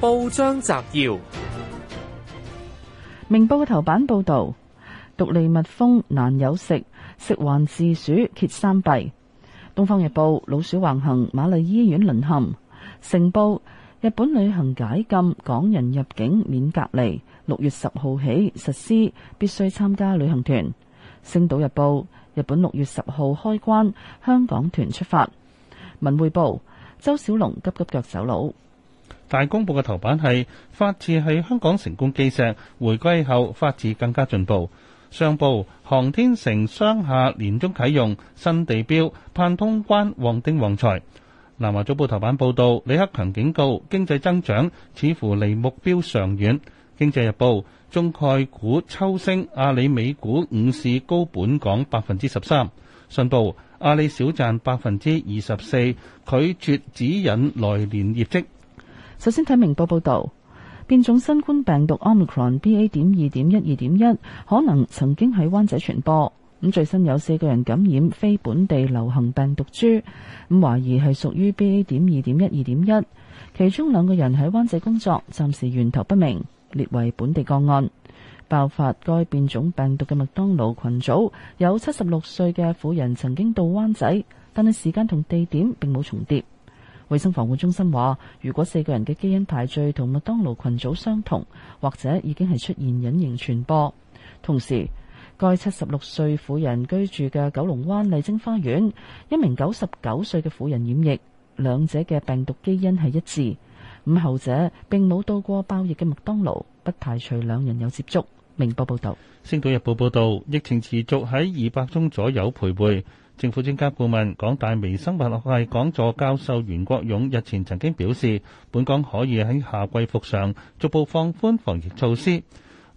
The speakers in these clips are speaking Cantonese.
報章摘要：明報嘅頭版報道，獨利密封難有食，食環署揭三弊。東方日報，老鼠橫行，瑪麗醫院淪陷。成報，日本旅行解禁，港人入境免隔離，六月十號起實施，必須參加旅行團。星島日報，日本六月十號開關，香港團出發。文匯報，周小龍急急腳走佬。大公報嘅頭版係法治係香港成功基石，回歸後法治更加進步。上報，航天城商廈年中啟用，新地標盼通關旺丁旺財。南華早報頭版報導，李克強警告經濟增長似乎離目標尚遠。經濟日報，中概股抽升，阿里美股午市高本港百分之十三。信報，阿里小賺百分之二十四，拒絕指引來年業績。首先睇明報報道，變種新冠病毒 Omicron BA. 點二點一二點一可能曾經喺灣仔傳播。咁最新有四個人感染非本地流行病毒株，咁懷疑係屬於 BA. 點二點一二點一。其中兩個人喺灣仔工作，暫時源頭不明，列為本地個案。爆發該變種病毒嘅麥當勞群組，有七十六歲嘅婦人曾經到灣仔，但係時間同地點並冇重疊。衛生防護中心話，如果四個人嘅基因排序同麥當勞群組相同，或者已經係出現隱形傳播。同時，該七十六歲婦人居住嘅九龍灣麗晶花園，一名九十九歲嘅婦人染疫，兩者嘅病毒基因係一致。咁後者並冇到過爆疫嘅麥當勞，不排除兩人有接觸。明報報道。《星島日報》報道，疫情持續喺二百宗左右徘徊。政府專家顧問、港大微生物學系講座教授袁國勇日前曾經表示，本港可以喺夏季復常，逐步放寬防疫措施。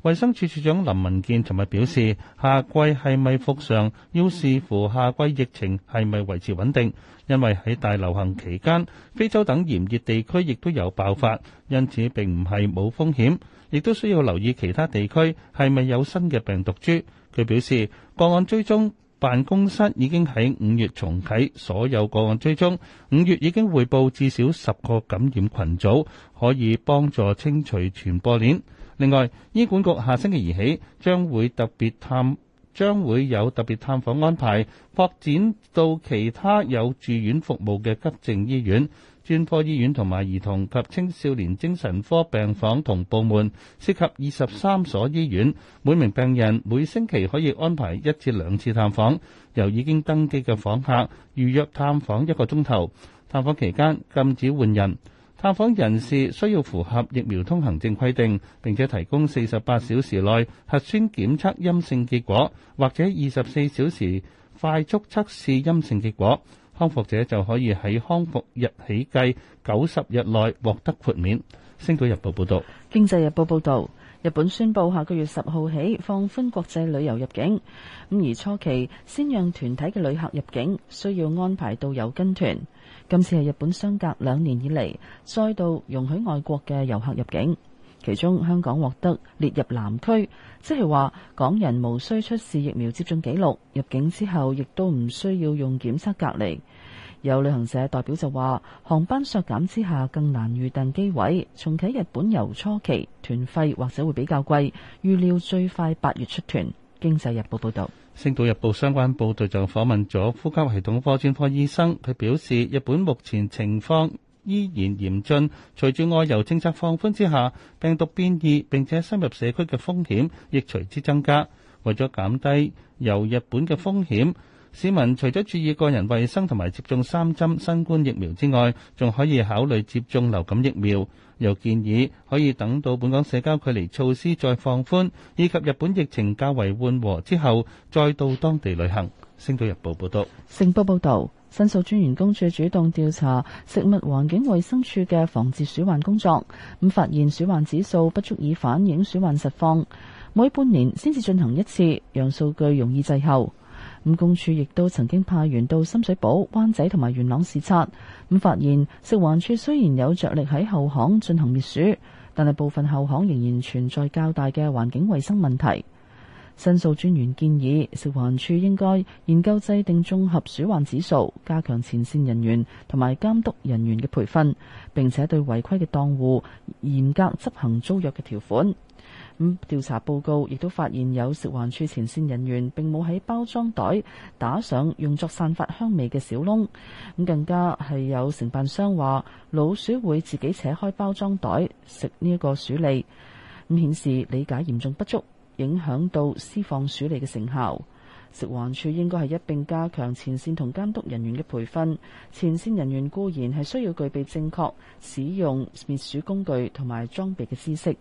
衛生署署長林文健尋日表示，夏季係咪復常要視乎夏季疫情係咪維持穩定，因為喺大流行期間，非洲等炎熱地區亦都有爆發，因此並唔係冇風險，亦都需要留意其他地區係咪有新嘅病毒株。佢表示，個案追蹤辦公室已經喺五月重啟所有個案追蹤，五月已經匯報至少十個感染群組，可以幫助清除傳播鏈。另外，醫管局下星期二起將會特別探。將會有特別探訪安排，擴展到其他有住院服務嘅急症醫院、專科醫院同埋兒童及青少年精神科病房同部門，涉及二十三所醫院。每名病人每星期可以安排一至兩次探訪，由已經登記嘅訪客預約探訪一個鐘頭。探訪期間禁止換人。探訪人士需要符合疫苗通行證規定，並且提供四十八小時內核酸檢測陰性結果，或者二十四小時快速測試陰性結果。康復者就可以喺康復日起計九十日內獲得豁免。星島日報報道：經濟日報報道，日本宣布下個月十號起放寬國際旅遊入境，咁而初期先讓團體嘅旅客入境，需要安排導遊跟團。今次係日本相隔兩年以嚟再度容許外國嘅遊客入境，其中香港獲得列入南區，即係話港人無需出示疫苗接種記錄，入境之後亦都唔需要用檢測隔離。有旅行社代表就話，航班削減之下更難預訂機位，重啟日本遊初期團費或者會比較貴，預料最快八月出團。經濟日報報道。星島日報相關報道就訪問咗呼吸系統科專科醫生，佢表示日本目前情況依然嚴峻，隨住外遊政策放寬之下，病毒變異並且深入社區嘅風險亦隨之增加，為咗減低由日本嘅風險。市民除咗注意個人衛生同埋接種三針新冠疫苗之外，仲可以考慮接種流感疫苗。又建議可以等到本港社交距離措施再放寬，以及日本疫情較為緩和之後，再到當地旅行。星島日報報道：「星報報道」申訴專員公署主動調查食物環境衛生署嘅防治鼠患工作，咁發現鼠患指數不足以反映鼠患實況，每半年先至進行一次，讓數據容易滯後。咁公署亦都曾經派員到深水埗、灣仔同埋元朗視察，咁發現食環署雖然有着力喺後巷進行滅鼠，但係部分後巷仍然存在較大嘅環境衛生問題。申訴專員建議食環署應該研究制定綜合鼠患指數，加強前線人員同埋監督人員嘅培訓，並且對違規嘅檔戶嚴格執行租約嘅條款。咁、嗯、調查報告亦都發現有食環署前線人員並冇喺包裝袋打上用作散發香味嘅小窿，咁、嗯、更加係有承辦商話老鼠會自己扯開包裝袋食呢一個鼠粒，咁、嗯、顯示理解嚴重不足。影響到施放鼠嚟嘅成效，食環署應該係一並加強前線同監督人員嘅培訓。前線人員固然係需要具備正確使用滅鼠工具同埋裝備嘅知識。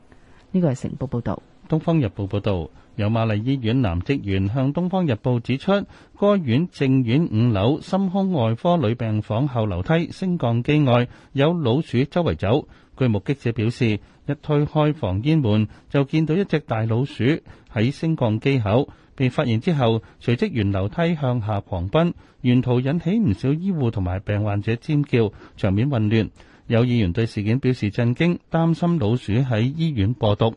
呢個係成報報導，《東方日報》報導，由瑪麗醫院男職員向《東方日報》指出，該院正院五樓心胸外科女病房後樓梯升降機外有老鼠周圍走。據目擊者表示，一推開房間門，就見到一隻大老鼠喺升降機口。被發現之後，隨即沿樓梯向下狂奔，沿途引起唔少醫護同埋病患者尖叫，場面混亂。有議員對事件表示震驚，擔心老鼠喺醫院播毒。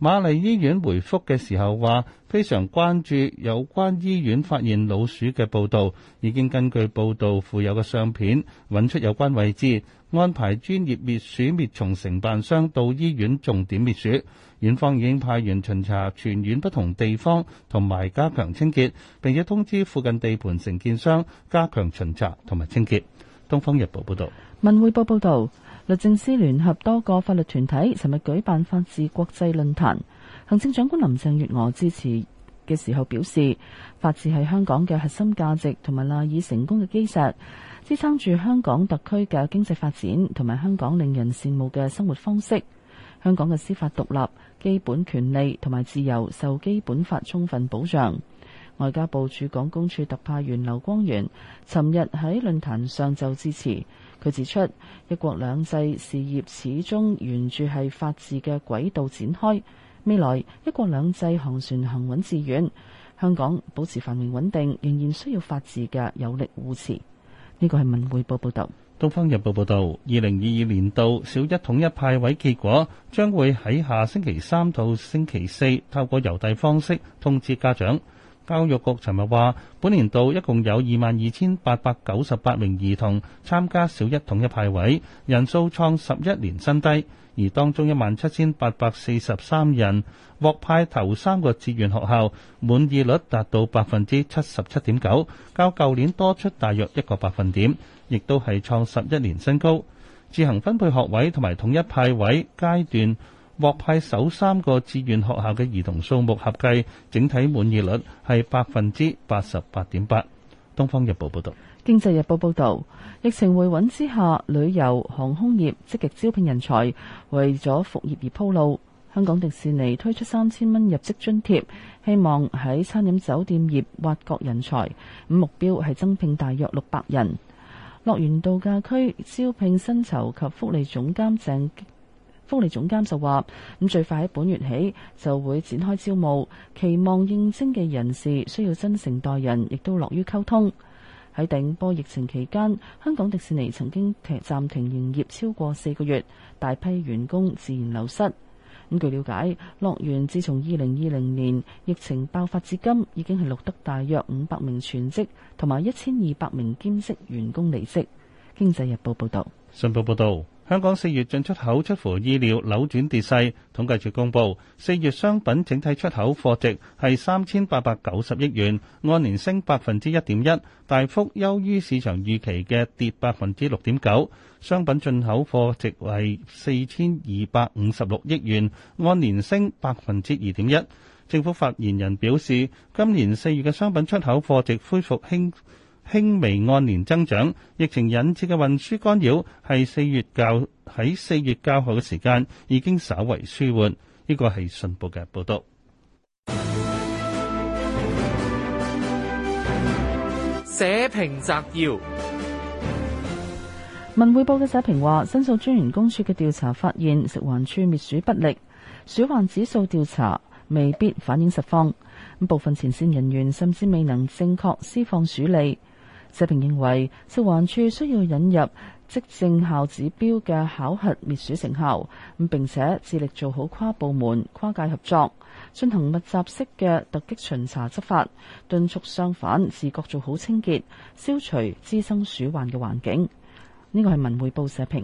瑪麗醫院回覆嘅時候話：非常關注有關醫院發現老鼠嘅報導，已經根據報導附有嘅相片揾出有關位置，安排專業滅鼠滅蟲承辦商到醫院重點滅鼠。院方已經派員巡查全院不同地方，同埋加強清潔，並且通知附近地盤承建商加強巡查同埋清潔。《東方日報》報道。文律政司聯合多個法律團體尋日舉辦法治國際論壇，行政長官林鄭月娥致辭嘅時候表示，法治係香港嘅核心價值，同埋賴以成功嘅基石，支撐住香港特區嘅經濟發展，同埋香港令人羨慕嘅生活方式。香港嘅司法獨立、基本權利同埋自由受基本法充分保障。外交部駐港公署特派員劉光源尋日喺論壇上就致辭。佢指出，一國兩制事業始終沿住係法治嘅軌道展開。未來一國兩制航船行穩致遠，香港保持繁榮穩定，仍然需要法治嘅有力護持。呢個係《文匯報》報道。《東方日報》報道，二零二二年度小一統一派位結果將會喺下星期三到星期四透過郵遞方式通知家長。教育局尋日話，本年度一共有二萬二千八百九十八名兒童參加小一統一派位，人數創十一年新低。而當中一萬七千八百四十三人獲派頭三個志願學校，滿意率達到百分之七十七點九，較舊年多出大約一個百分點，亦都係創十一年新高。自行分配學位同埋統一派位階段，獲派首三個志願學校嘅兒童數目合計，整體滿意率係百分之八十八點八。《東方日報》報導。《經濟日報》報導，疫情回穩之下，旅遊航空業積極招聘人才，為咗復業而鋪路。香港迪士尼推出三千蚊入職津貼，希望喺餐飲酒店業挖角人才，目標係增聘大約六百人。樂園度假區招聘薪酬及福利總監鄭。福利總監就話：咁最快喺本月起就會展開招募，期望應徵嘅人士需要真誠待人，亦都樂於溝通。喺頂波疫情期間，香港迪士尼曾經停暫停營業超過四個月，大批員工自然流失。咁據了解，樂園自從二零二零年疫情爆發至今，已經係錄得大約五百名全職同埋一千二百名兼職員工離職。經濟日報報道。信報報道。香港四月進出口出乎意料扭轉跌勢，統計處公布，四月商品整體出口貨值係三千八百九十億元，按年升百分之一點一，大幅優於市場預期嘅跌百分之六點九。商品進口貨值為四千二百五十六億元，按年升百分之二點一。政府發言人表示，今年四月嘅商品出口貨值恢復輕輕微按年增長，疫情引致嘅運輸干擾係四月較，喺四月較後嘅時間已經稍為舒緩。呢個係信報嘅報道。社評摘要：文匯報嘅社評話，申訴專員公署嘅調查發現，食環署滅鼠不力，鼠患指數調查未必反映實況。部分前綫人員甚至未能正確施放鼠餌。社評認為，食環署需要引入即成效指標嘅考核滅鼠成效，咁並且致力做好跨部門、跨界合作，進行密集式嘅突擊巡查執法，敦促商販自覺做好清潔，消除滋生鼠患嘅環境。呢個係文匯報社評。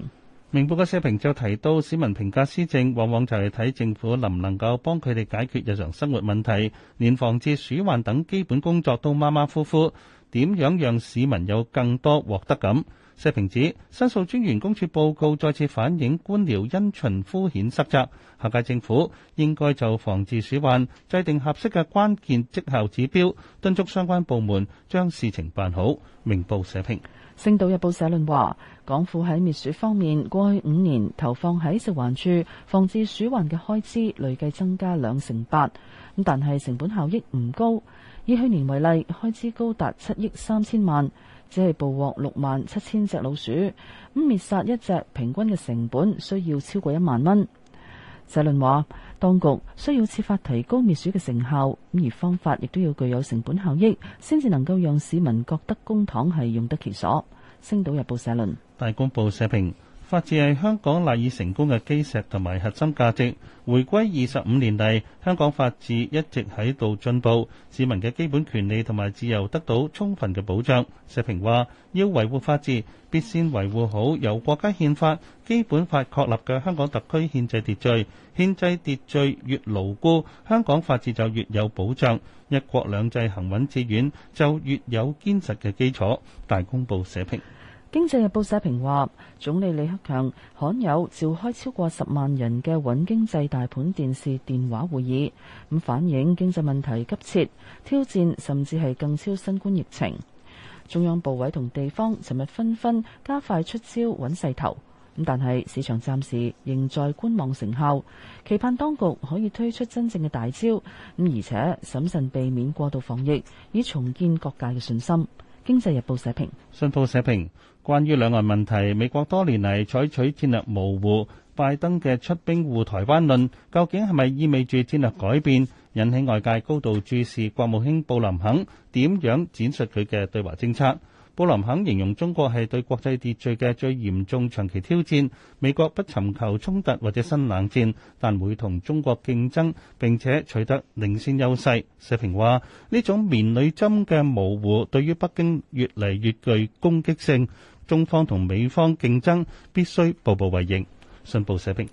明報嘅社評就提到，市民評價施政往往就係睇政府能唔能夠幫佢哋解決日常生活問題，連防治鼠患等基本工作都馬馬虎虎，點樣讓市民有更多獲得感？社評指，申訴專員公署報告再次反映官僚因循敷衍失責，下屆政府應該就防治鼠患制定合適嘅關鍵績效指標，敦促相關部門將事情辦好。明報社評。《星島日報》社論話，港府喺滅鼠方面過去五年投放喺食環處防治鼠患嘅開支累計增加兩成八，咁但係成本效益唔高。以去年為例，開支高達七億三千萬，只係捕獲六萬七千隻老鼠，咁滅殺一隻平均嘅成本需要超過一萬蚊。社論話，當局需要設法提高滅鼠嘅成效，而方法亦都要具有成本效益，先至能夠讓市民覺得公帑係用得其所。星島日報社論，大公報社評。法治係香港賴以成功嘅基石同埋核心價值。回歸二十五年嚟，香港法治一直喺度進步，市民嘅基本權利同埋自由得到充分嘅保障。社評話：要維護法治，必先維護好由國家憲法、基本法確立嘅香港特區憲制秩序。憲制秩序越牢固，香港法治就越有保障，一國兩制行穩致遠，就越有堅實嘅基礎。大公報社評。經濟日報社評話，總理李克強罕有召開超過十萬人嘅穩經濟大盤電視電話會議，咁反映經濟問題急切，挑戰甚至係更超新冠疫情。中央部委同地方尋日紛紛加快出招穩勢頭，咁但係市場暫時仍在觀望成效，期盼當局可以推出真正嘅大招，咁而且審慎避免過度防疫，以重建各界嘅信心。經濟日報社評，信報社評，關於兩岸問題，美國多年嚟採取戰略模糊，拜登嘅出兵護台灣論，究竟係咪意味住戰略改變，引起外界高度注視？國務卿布林肯點樣展述佢嘅對華政策？布林肯形容中國係對國際秩序嘅最嚴重長期挑戰。美國不尋求衝突或者新冷戰，但會同中國競爭並且取得領先優勢。社評話：呢種棉裏針嘅模糊，對於北京越嚟越具攻擊性。中方同美方競爭，必須步步為營。信報社評。